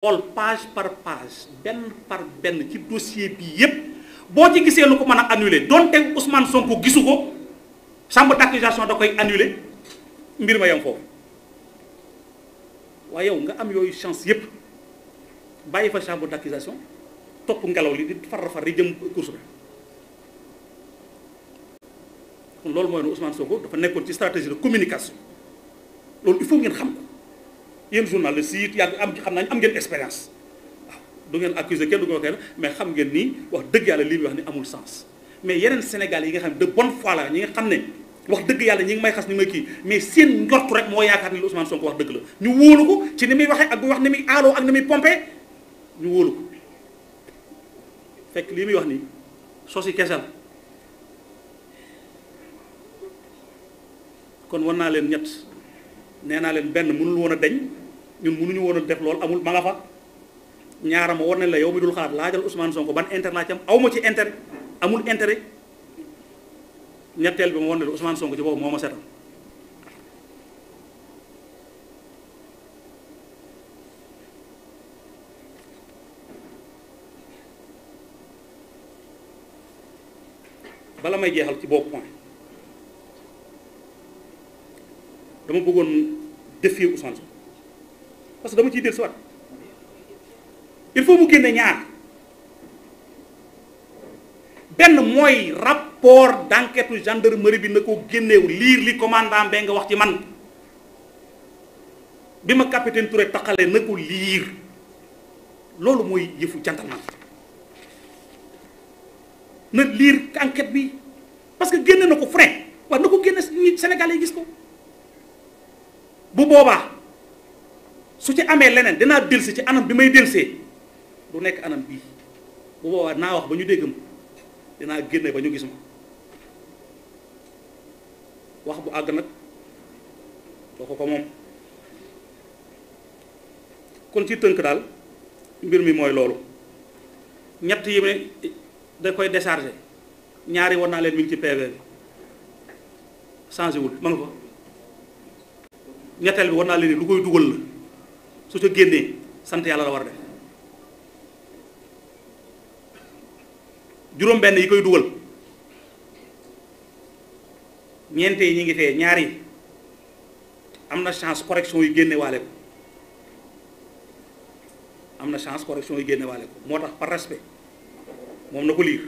xool page par page benn par benn ci dossier bi yépp boo ci gisee lu ko mën a annulé donte Ousmane Sonko gisu ko chambre d'accusation da koy annulé mbir ma yam foofu waaye yooyu chance yépp bàyyi fa chambre d'accusation topp ngelaw li di far far di mooy ne Ousmane Sonko dafa nekkoon ci stratégie de communication loolu il faut ngeen xam ko yéen journaliste yi yàgg am xam nañ am ngeen expérience waaw du ngeen accuser kenn du ko kenn mais xam ngeen ni wax dëgg yàlla lii muy wax ni amul sens mais yeneen Sénégal yi nga xam ne de bonne foi la ñi nga xam ne wax dëgg yàlla ñi ngi may xas ni may kii mais seen njortu rek moo yaakaar ni lu Ousmane Sonko wax dëgg la ñu wóolu ko ci ni muy waxee ak bu wax ni muy aaloo ak ni muy pompé ñu wóolu ko fekk lii muy wax ni sos yi kese la kon war naa leen ñett nee naa leen benn mënul woon a deñ ñun nu ñu a def lool amul ma nga fa ñaara ma war nañ la yow mi dul xalaat laajal Ousmane Sonko ban intérêt laa ci am aw ma ci intérêt amul intérêt ñetteel bi ma war na la Ousmane Sonko ci boobu moo ma setal bala may jeexal ci boobu point dama bëggoon défier Ousmane Sonko parce que dama ci del si wat il faut mu génne ñaar benn mooy rapport d'enquête gendarmerie bi na ko génneew liir li commandant bee nga wax ci man bi ma capitaine Touré taxalee na ko liir loolu mooy yëfu gentleman na liir enquête bi parce que génne na ko frais wax na ko génne nit yi gis ko bu boobaa su ci amee leneen dinaa delsi ci anam bi may delsee du nekk anam bii bu boobaa naa wax ba ñu dégg ma dinaa génne ba ñu gis ma wax bu àgg nag kooku ko moom kon ci tënk daal mbir mi mooy loolu ñett yi ne da koy décharger ñaari war naa leen mi ngi ci PV bi changé wul nga fa ñetteel bi war naa leen lu koy dugal la su ca génnee sant yàlla la war a def juróom benn yi koy dugal ñeente yi ñu ngi fee ñaar yi am na chance correction yu génne waale ko am na chance correction yu génne waale ko moo tax par respect moom na ko liir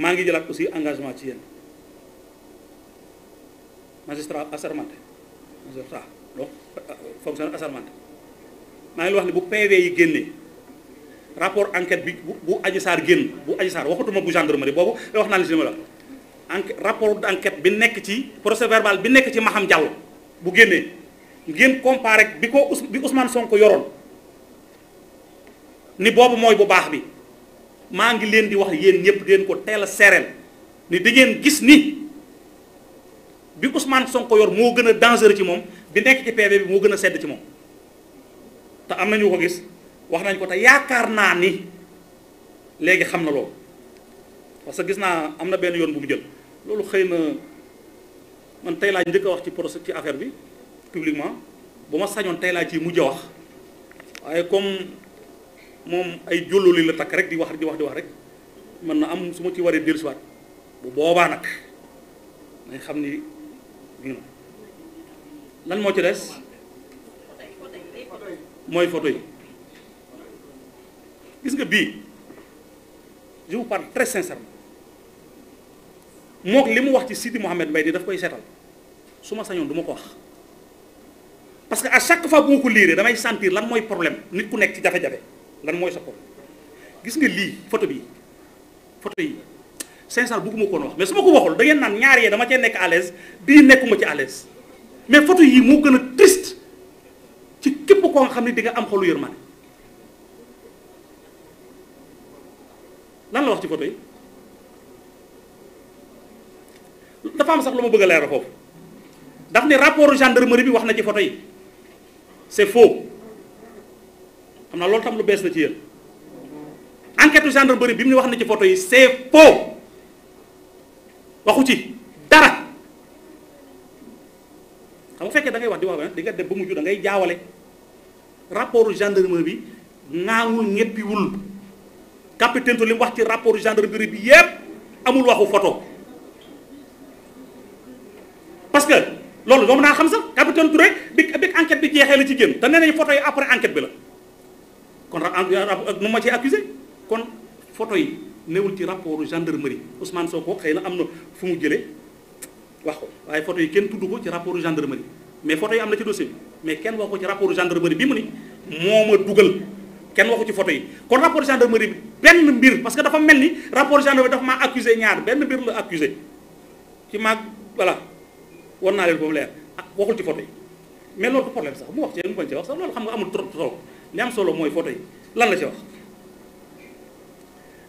maa ngi jëlaat aussi engagement ci yéen magistrat assermenté magistrat donc fonctionnaire assermenté maa ngi wax ne bu PV yi génnee rapport enquête bi bu bu saar Sarr génn bu Adji Sarr waxatuma bu gendarmerie boobu wax naa li si li la enquête rapport enquête bi nekk ci procès verbal bi nekk ci ma Maham Diallo bu génnee ngeen comparé bi ko bi Ousmane Sonko yoroon ni boobu mooy bu baax bi. maa ngi leen di wax yéen ñëpp di leen ko teel a seereel ni di ngeen gis ni bi Ousmane Sonko yor moo gën a dangereux ci moom bi nekk ci PV bi moo gën a sedd ci moom te am nañu ko gis wax nañ ko te yaakaar naa ni léegi xam na loolu parce que gis naa am na benn yoon bu mu jël loolu xëy na man tey laaj njëkk a wax ci procès ci affaire bi publiquement bu ma sañoon tey laa ci mujj a wax waaye comme moom ay julluli la takk rek di wax di wax di wax rek mën na am su ma ci waree dellusiwaat bu boobaa nag nañ xam ni lan moo ci des mooy photo yi gis nga bii je vous parle très sincèrement mook li mu wax ci Sidi Mouhamed Mbaye di daf koy seetal su ma sañoon duma ko wax parce que à chaque fois bu ma ko liiree damay sentir lan mooy problème nit ku nekk ci jafe-jafe lan mooy sa xol gis nga lii photo bi photo yi sincère bëgguma ko woon wax mais su ma ko waxul da ngeen naan ñaar yee dama cee nekk à l'aise bii nekkuma ci à mais photo yii moo gën a triste ci képp koo xam ne di nga am xolu yërmande lan la wax ci photo yi dafa am sax lu ma bëgg a leeral foofu daf ne rapport gendarmerie bi wax na ci foto yi c'est foofu xam naa loolu tam lu bees la ci yéen enquête u gendarmerie bi mu ñu wax ne ci photo yi c'est faux waxu ci dara xam nga fekkee dangay wax di wax di nga def ba mujj da ngay jaawale rapport gendarmerie bi naawul ñeppiwul capitaine li mu wax ci rapport gendarmerie bi yépp amul waxu photo parce que loolu moom naa xam sax capitaine Touré bi bi enquête bi jeexee la ci génn te nee nañu photo yi après enquête bi la kon ak nu ma cee accusé kon photo yi newul ci rapport gendarmerie Ousmane Sonko xëy na am na fu mu jëlee wax ko waaye photo yi kenn tudd ko ci rapport gendarmerie mais photo yi am na ci dossier mais kenn wax ko ci rapport gendarmerie bi mu ni moo ma dugal kenn waxu ci photo yi kon rapport gendarmerie bi benn mbir parce que dafa mel ni rapport gendarmerie dafa maa accusé ñaar benn mbir la accusé ki maag voilà war naa leen boobu leer ah waxul ci photo yi mais loolu du problème sax mu wax ci loolu xam nga amul trop trop li am solo mooy photo yi lan la ci wax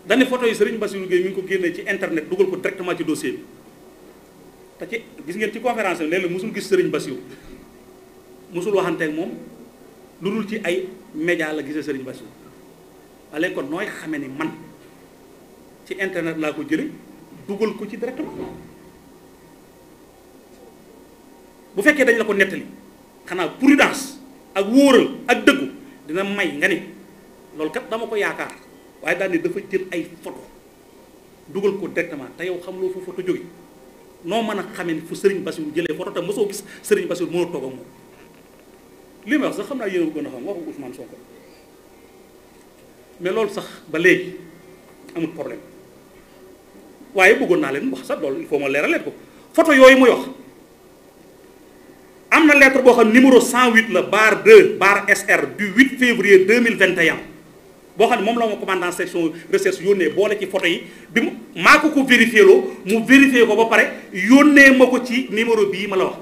dane photo yi Serigne Bassirou Gueye mi ngi ko génnee ci internet dugal ko directement ci dossier bi te gis ngeen ci conférence bi léeg-léeg gis Serigne Bassirou mosul waxanteeg moom lu dul ci ay média la gise Serigne Bassirou waaye léegi kon nooy xamee ni man ci internet laa ko jële dugal ko ci directement bu fekkee dañ la ko nettali xanaa prudence ak wóoral ak dëggu dina may nga ni loolu kat dama ko yaakaar waaye daal dafa jël ay photo dugal ko directement te yow xam loo foo photo jóge noo mën a xamee ni fu Serigne Bassirou jëlee photo te mosoo gis Serigne Bassirou mën a toog ak moom li ma wax sax xam naa yéen a gën a xam waxu Ousmane Sonko mais loolu sax ba léegi amul problème waaye bëggoon naa leen wax sax loolu il faut ma leeraleen ko photo yooyu muy wax. am na lettre boo xam numéro 108 la barre 2 barre SR du 8 février 2021 boo xam ne moom la ma commandant section recherche yónnee boole ci photo yi bi mu maa ko ko vérifié loo mu vérifié ko ba pare yónnee ma ko ci numéro bii ma la wax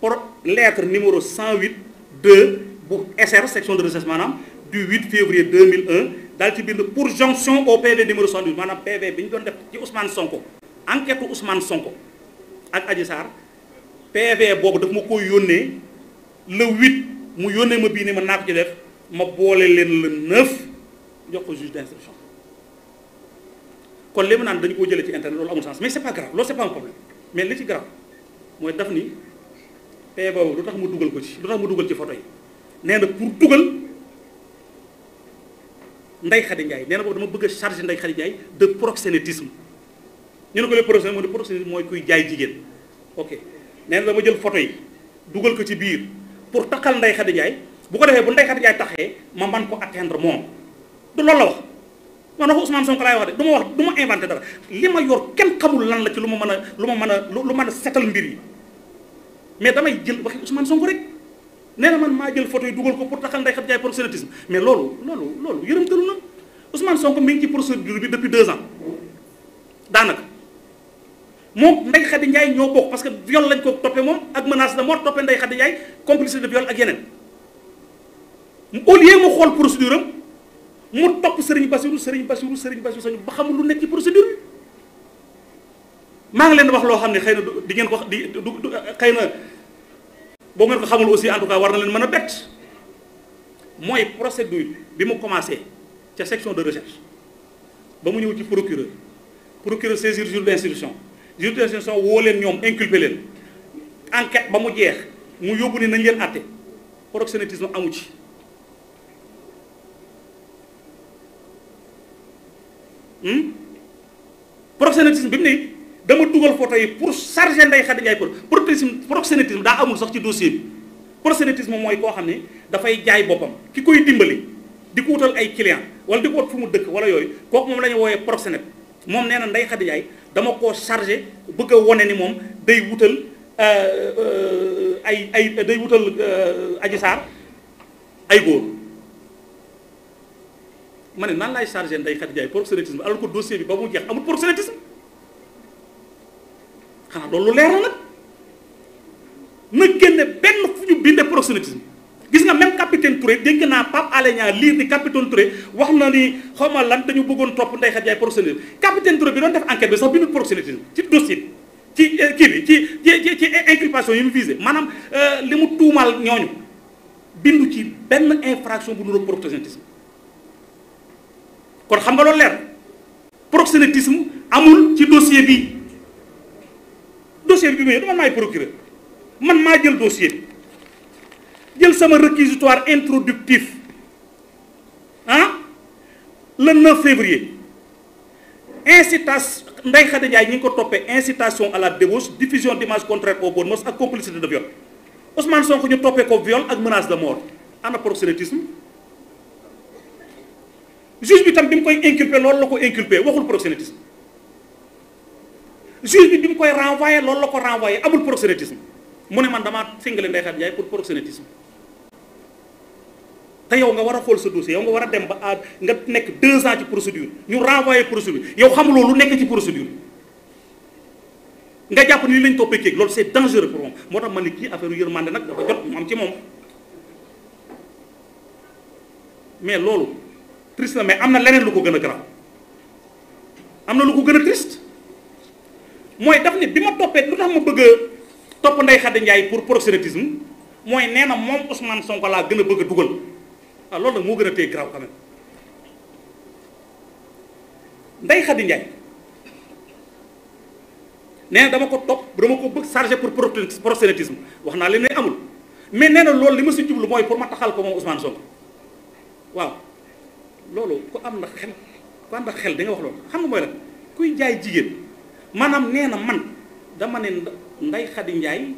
pour lettre numéro 108 2 bu SR section de recherche maanaam du 8 février 2001 daal ci bind pour jonction au PV numéro 108 maanaam PV bi ñu doon def ci Ousmane Sonko enquête Ousmane Sonko ak Adji Sarr PV boobu daf ma koy yónnee le huit mu yónnee ma bii ne ma naa ko ci def ma boole leen le neuf jox ko juge d'instruction kon li naan dañu koo jëlee ci internet loolu amul sens mais c'est pas grave loolu c'est pas problème mais li ci grave mooy daf ni PV boobu lu tax mu dugal ko ci lu tax mu dugal ci photo yi nee na pour dugal Ndeye Khady Ndiaye nee na boobu dama bëgg a charger Ndeye Khady Ndiaye de proxénétisme ñu ne ko le proxénétisme mooy proxénétisme mooy kuy jaay jigéen ok. nee na dama jël photo yi dugal ko ci biir pour taxal Ndeye Khady jaay bu ko defee bu Ndeye Khady Ndiaye taxee ma man ko atteindre moom du loolu la wax man waxu Ousmane Sonko laay wax de du ma wax du ma inventé dara li ma yor kenn xamul lan la ci lu ma mën a lu ma mën a lu mën a setal mbir yi mais damay jël waxi Ousmane Sonko rek nee na man maa jël photo yi dugal ko pour taxal Ndeye Khady Ndiaye proxénétisme mais loolu loolu loolu yërëmtalu na Ousmane Sonko mi ngi ci procédure bi depuis deux ans daanaka. moom Ndeye Khady Ndiaye ñoo bokk parce que viol lañ ko toppee moom ak menace de mort toppee Ndeye Khady Ndiaye complicité de viol ak yeneen au lieu mu xool procédure am mu topp Serigne Bassirou Serigne Bassirou Serigne Bassirou sañu ba xamul lu nekk ci procédure bi maa ngi leen di wax loo xam ne xëy na di ngeen ko di du xëy na boo ngeen ko xamul aussi en tout war na leen mën a bett mooy procédure bi mu commencé ca section de recherche ba mu ñëw ci procureur procureur saisir juge d'instruction juge d'instruction woo leen ñoom inculpé leen enquête ba mu jeex mu yóbbu ni nañ leen àtte proxénétisme amu ci hmm? proxénétisme bi mu ne dama dugal photo yi pour charger Ndeye Khady Ndiaye pour proxénétisme daa amul sax ci dossier bi proxénétisme mooy koo xam ne dafay jaay boppam ki koy dimbali di ko wutal ay client wala di ko wut fu mu dëkk wala yooyu kooku moom la ñu woowee moom nee na Ndeye Khady Ndiaye dama koo chargé bëgg a wone ni moom day wutal euh, euh, ay ay day wutal euh, Adji Sarr ay góor ma ne nan laay chargé Ndeye Khady Ndiaye proxénétisme alors que dossier bi ba mu jeex amul proxénétisme xanaa loolu leer na nag na génne benn fu ñu bindee proxénétisme Touré dégg naa pap Alé Niang liir di capitaine Touré wax na ni xaw ma lan dañu bëggoon topp Ndeye Khady Ndiaye proxénétisme capitaine Touré bi doon def enquête bi sax bindul proxénétisme ci dossier ci euh, kii bi ci ci ci inculpation yi mu visé maanaam euh, li mu tuumaal ñooñu bindu ci benn infraction bu nuru proxénétisme kon xam nga loolu leer proxénétisme amul ci dossier bi dossier bi bi mu ñëw man maay procureur man maa jël dossier jël sama réquisitoire introductif ah le 9 février incitation Ndeye Khady Ndiaye ñi ngi ko toppee incitation à la débauche diffusion d'images contraires aux bonnes mœurs ak complicité de viol Ousmane Sonko ñu toppee ko viol ak menace de mort ana proxénétisme juge bi tam bi mu koy inculpé loolu la ko inculpé waxul proxénétisme juge bi bi mu koy renvoyé loolu la ko renvoyé amul proxénétisme mu ne man damaa singale Ndeye Khady Ndiaye pour proxénétisme te yow nga war a xool sa dossier yow nga war a dem ba à nga nekk deux ans ci procédure ñu renvoyé procédure yow xamuloo lu nekk ci procédure nga jàpp ni li lañ toppee kéeg loolu c'est dangereux pour moom moo tax ma ne kii affaire yërmande nag dafa jot loolu triste na am na leneen lu ko gën a garaaw am na lu ko gën a triste mooy daf ne bi ma toppee lu tax ma bëgg a topp Ndeye Khady Ndiaye pour proxénétisme mooy nee na moom Ousmane Sonko laa gën a bëgg a dugal ah loolu nag moo gën a téye garaaw quand même Ndeye Khady Ndiaye nee dama ko topp dama ko bëgg chargé pour proxénétisme wax naa leen ne amul mais nee na loolu li ma si jublu mooy pour ma taxal ko moom Ousmane Sonko waaw loolu ku am na xel ku am na xel di wax loolu xam nga mooy lan kuy njaay jigéen maanaam nee na man dama ne Ndeye Khady Ndiaye.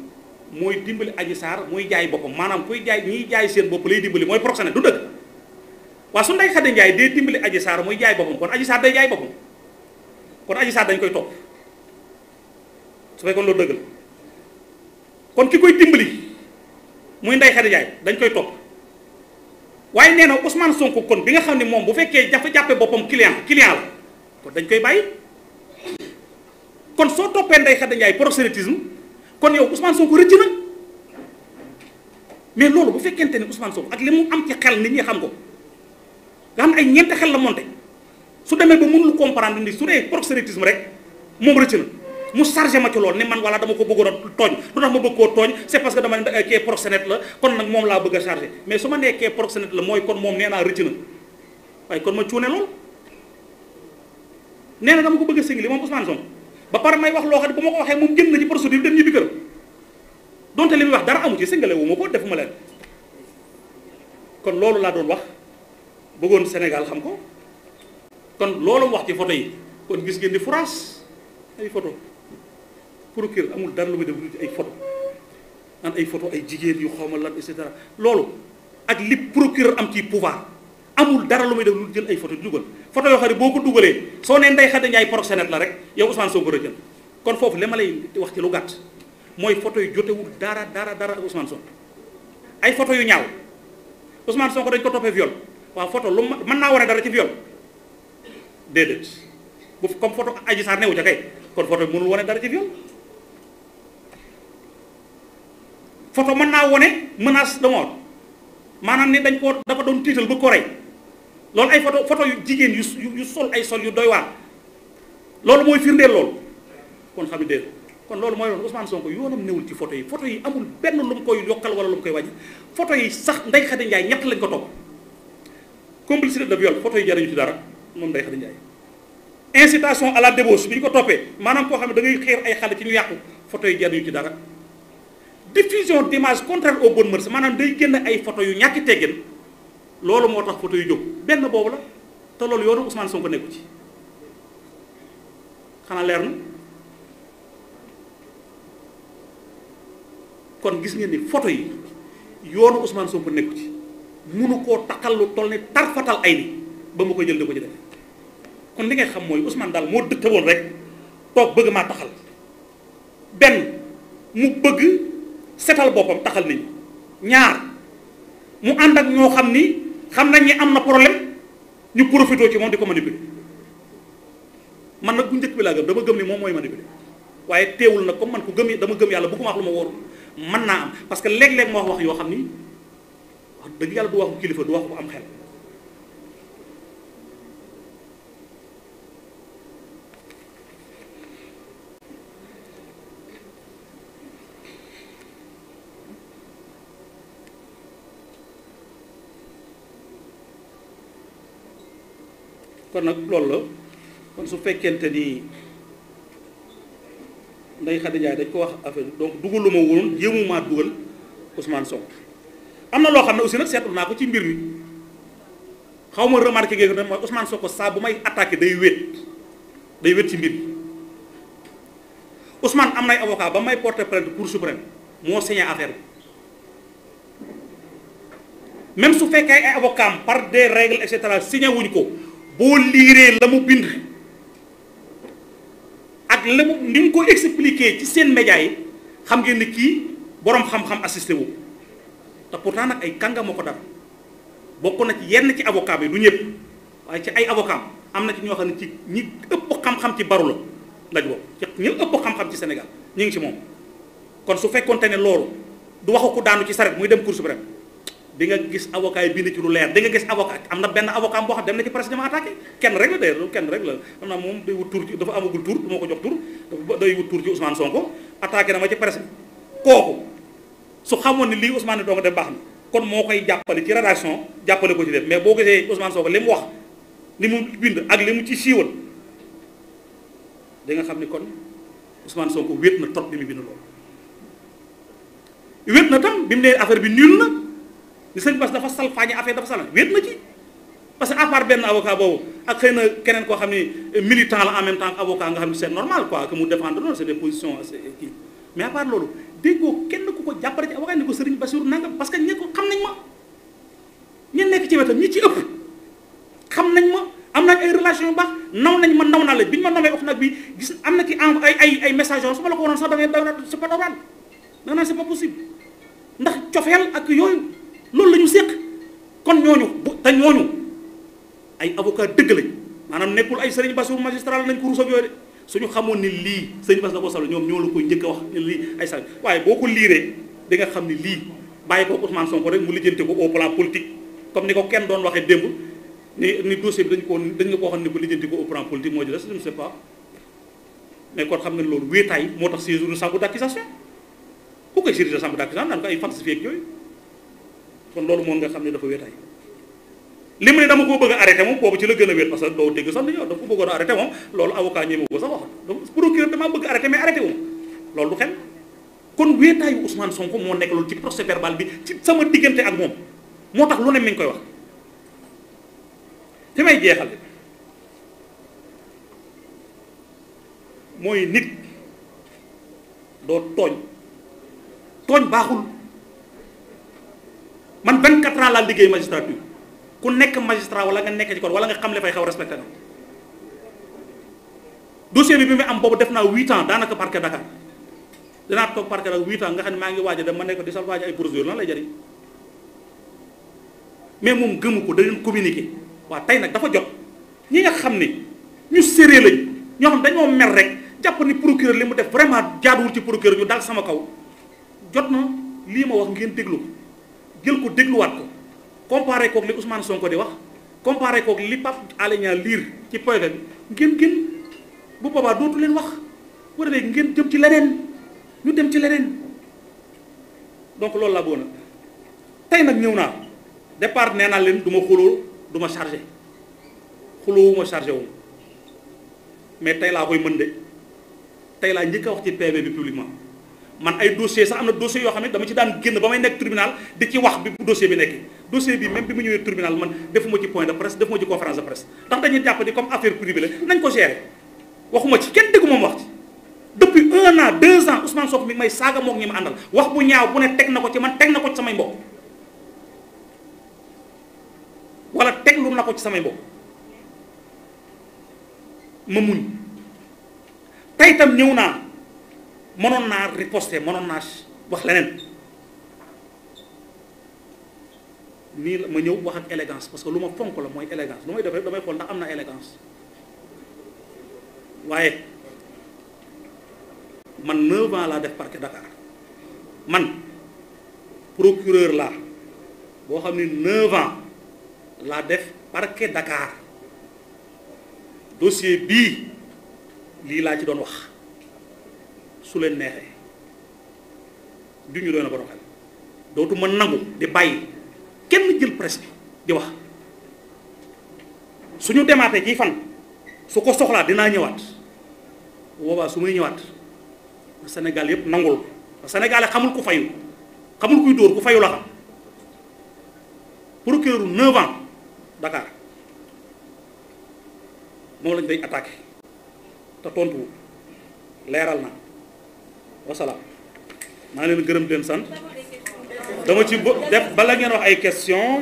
mooy dimbali aji saar muy jaay boppam maanaam kuy jaay ñiy jaay seen bopp lay dimbali mooy proxéné du dëgg waaw su ndey Xadi Njaay dee dimbali aji saar muy jaay boppam kon aji saar day jaay boppam kon aji dañ koy topp su fekkoon loolu dëgg la kon ki koy dimbali muy ndey Xadi Njaay dañ koy topp waaye nee na Ousmane Sonko kon bi nga xam ne moom bu fekkee jafe jàppe boppam client client la kon dañ koy bàyyi kon soo toppee ndey Xadi Njaay proxénétisme kon yow Ousmane Sonko rëcc na mais loolu bu fekkente ne Ousmane Sonko ak li mu am ci xel ni ñi xam ko nga xam ay ñeenti xel la monté su demee ba mënul comprendre ni su dee proxénétisme rek moom rëcc na mu chargé ma ci loolu ni man wala dama ko bëggoon a tooñ lu ma bëgg koo parce que dama ne kee la kon moom laa bëgg a chargé su ma nee kee proxénète la mooy moom nee naa na waaye kon ma cuune lool nee na dama ko bëgg a singli moom Ousmane ba pare may wax loo xam ne bu ma ko waxee moom jëm na ci procédure dem ñu bi këram donte li muy wax dara amu ci singale wu ma ko ma leen kon loolu laa doon wax bëggoon Sénégal xam ko kon loolu mu wax ci photo yi kon gis ngeen di France ay photo procureur amul dara lu muy def ay photo an ay photo ay jigéen yu xawma lan et cetera loolu ak li procureur am ci pouvoir amul dara lu muy def lu jël ay photo di dugal photo yoo xam ne boo ko dugalee soo nee Ndeye Khady Ndiaye proxénète la rek yow Ousmane Sonko la jël kon foofu li ma lay wax ci lu gàtt mooy photo yu jotewul dara dara dara ak Ousmane yu ñaaw Ousmane Sonko dañ ko toppee viol waa photo lu mën naa wane dara ci viol déedéet bu comme photo Adji Sarr newu ca kay kon photo mënul wane dara ci viol photo mën naa wone mën de mort maanaam ne dañ koo dafa doon tiital ba ko rey loolu ay photo foto yu jigéen yu yu sol ay sol yu doy waar loolu mooy firndeel loolu kon xam ne kon loolu mooy loolu Ousmane Sonko yoonam newul ci photo yi photo yi amul benn lu mu koy yokkal wala lu mu koy wàññi photo yi sax Ndeye Khady Ndiaye ñett lañ ko topp complicité de viol photo yi jariñu ci dara moom Ndeye Khady Ndiaye incitation à la bi ñu ko toppee maanaam koo xam ne da ngay xeer ay xale ci ñu yàqu foto yi jariñu ci dara diffusion d'image contraire aux bonnes mœurs maanaam day génn ay foto yu ñàkki teggin loolu moo tax photo yu jóg benn boobu la te loolu yoonu Ousmane Sonko nekku gis ngeen ni photo yi yoonu Ousmane Sonko nekku ci munu koo takkal lu toll ni tarfatal ay ni ba mu koy jël di ko ci kon li ngay xam mooy Ousmane daal moo dëkk woon rek toog bëgg maa taxal benn mu bëgg setal boppam taxal nañu ñaar mu ànd ak ñoo xam ni xam nañ ni am na problème ñu profité ci moom di ko manipuler man nag bu njëkk bi laa gëm dama gëm ni moom mooy manipuler waaye teewul nag comme man ko gëm dama gëm yàlla bu wax lu ma wóor mën naa am parce que léeg-léeg wax wax yoo xam ni wax dëgg yàlla du waxu kilifa du wax ko am xel. kon nag loolu la kon su fekkente ni Ndeye Khady Ndiaye dañ ko wax affaire donc dugaluma ma woon jéemumaa dugal Ousmane Sonko am na loo xam ne aussi nag seetlu naa ko ci mbir mi xaw ma remarqué ngeen ne mooy Ousmane Sonko saa bu may attaqué day wéet day wéet ci mbir mi am nay avocat ba may porter plainte Cour suprême moo signé affaire bi même su fekkee ay avocats par des règles et cetera wuñ ko. boo liiree la mu bind ak la mu ni ko expliqué ci seen média yi xam ngeen kii boroom xam-xam assisté wu te pourtant nag ay kàngam moo ko bokk na ci yenn ci avocam bi du ñëpp waaye ci ay avocat am na ci ñoo xam ne ci ñi ëpp xam-xam ci barula la lañ bokk ci ëpp xam-xam ci Sénégal ñu ngi ci moom kon su fekkonte ne loolu du waxu ku daanu ci saret muy dem cour suprême di nga gis avocat yi bind ci lu leer di gis avocat am na benn avocat boo xam dem na ci presse dama attaqué kenn rek la de loolu kenn rek la xam naa moom day wut tur ci dafa amagul ko jox tur day wut tur ci Ousmane Sonko attaqué na ma ci bi kooku su xamoon ne lii Ousmane doo nga dem baax na kon moo koy jàppale ci jàppale ko ci def mais boo gisee Ousmane Sonko li mu wax li mu bind ak li mu ci siiwal da xam ni kon Ousmane Sonko wéet na trop bi mu bind loolu wéet na tam bi mu ne affaire bi nul na. ni sëñ Bass dafa salfaañe affaire dafa salfaañe wéet na ci parce que benn avocat boobu ak xëy na keneen koo xam ni militant la en même temps avocat nga xam ni c'est normal quoi que mu défendre noonu c'est des positions ko jàppale ci avocat ni ko que ñi xam nañ ma nekk ci wetam ñi ci ëpp xam nañ ma am na ay relation yu baax naw nañ ma naw naa la bi ñu ma nawee of nag bi am na ki ay ay ay message yoo su ma la ko sax da ngay daw na pas possible ndax cofeel ak yooyu loolu la ñu séq kon ñooñu bu te ñooñu ay avocat dëgg lañ maanaam nekkul ay sëriñ Bassirou magistral nañ ko ruusam yooyu de ñu xamoon ni lii sëriñ Bass la ko solo ñoom ñoo la koy njëkk a wax ne lii ay sal waaye boo ko liiree di nga xam ni lii bàyyi ko Ousmane Sonko rek mu lijjante ko au plan politique comme ni ko kenn doon waxee démb ni ni dossier bi dañ ko dañ nga ko xam ne ko lijjanti ko au plan politique moo di des je ne mais kon xam nga loolu wéetaay moo tax séjour de chambre d' accusation ku koy séjour de chambre d' accusation naan ko ay yooyu kon loolu moom nga xam ne dafa wéetaay li mu ne dama koo bëgg a arrêté moom boobu ci la gën a wéet parce que doo dégg sax ni ñoo dafa ko bëggoon a arrêté moom loolu avocat ñi ko sax wax donc procureur damaa bëgg arrêté mais arrêté wu loolu du xel kon wéetaayu Ousmane Sonko moo nekk loolu ci procès verbal bi sama diggante ak moom moo tax lu ne mi ñu koy wax fi may jeexal mooy nit doo tooñ tooñ baaxul. man 24 ans laa liggéey magistrature ku nekk magistrat wala nga nekk ci kon wala nga xam li fay xaw respecté na dossier bi bi muy am boobu def naa 8 ans daanaka parquet Dakar danaa toog parquet Dakar 8 ans nga xam ne maa ngi waaj a dem ma nekk di salvage ay procédure lan lay jëriñ mais moom gëmu ko da leen communiqué waa tey nag dafa jot ñi nga xam ne ñu séré lañ ñoo xam dañoo mer rek jàpp ni procureur li mu def vraiment jaaduwul ci procureur ñu dal sama kaw jot na lii ngeen déglu jël ko dégluwaat ko comparé kook li Ousmane ko di wax comparé kook li Pape Alé liir ci PV bi ngeen gën bu boobaa dootu leen wax bu defee ngeen jëm ci leneen ñu dem ci leneen donc loolu laa bëggoon a tey nag ñëw naa départ nee naa leen du ma xuloo duma ma chargé xuloowu ma mais tey laa koy mën de tey laa njëkk a wax ci PV bi publiquement man ay dossier sax am na dossier yoo xam ne dama ci daan génn ba may nekk tribunal di ci wax bi dossier bi nekk dossier bi même bi mu ñëwee tribunal man defuma ci point de presse defuma ci conférence de presse ndax dañuy jàpp ni comme affaire privée la nañ ko gérer waxuma ci kenn déggu moom wax ci depuis un an deux ans Ousmane Sonko mi ngi may saaga moog ñi ma àndal wax bu ñaaw bu ne teg na ko ci man teg na ko ci samay mbokk wala teg lu na ko ci samay mbokk ñëw naa mënoon naa riposter mënoon naa wax leneen nii la ma ñëw wax ak élégance parce que lu ma fonk la mooy élégance lu may def rek damay xool ndax am na élégance waaye man 9 ans laa def parquet Dakar man procureur laa boo xam ne 9 laa def parquet Dakar dossier bii lii laa ci doon wax. su leen neexee juñu doon na borom xel dootu mën nangu di bàyyi kenn jël presse di wax suñu demaatee ci fan su ko soxlaa dinaa ñëwaat boobaa su muy ñëwaat Sénégal yëpp nangul Sénégal xamul ku fayu xamul kuy dóor ku fayu la xam procureur u 9 ans moom lañ day attaqué te tontu leeral na wasalaam maa leen gërëm leen sant dama ci def bala ngeen wax ay questions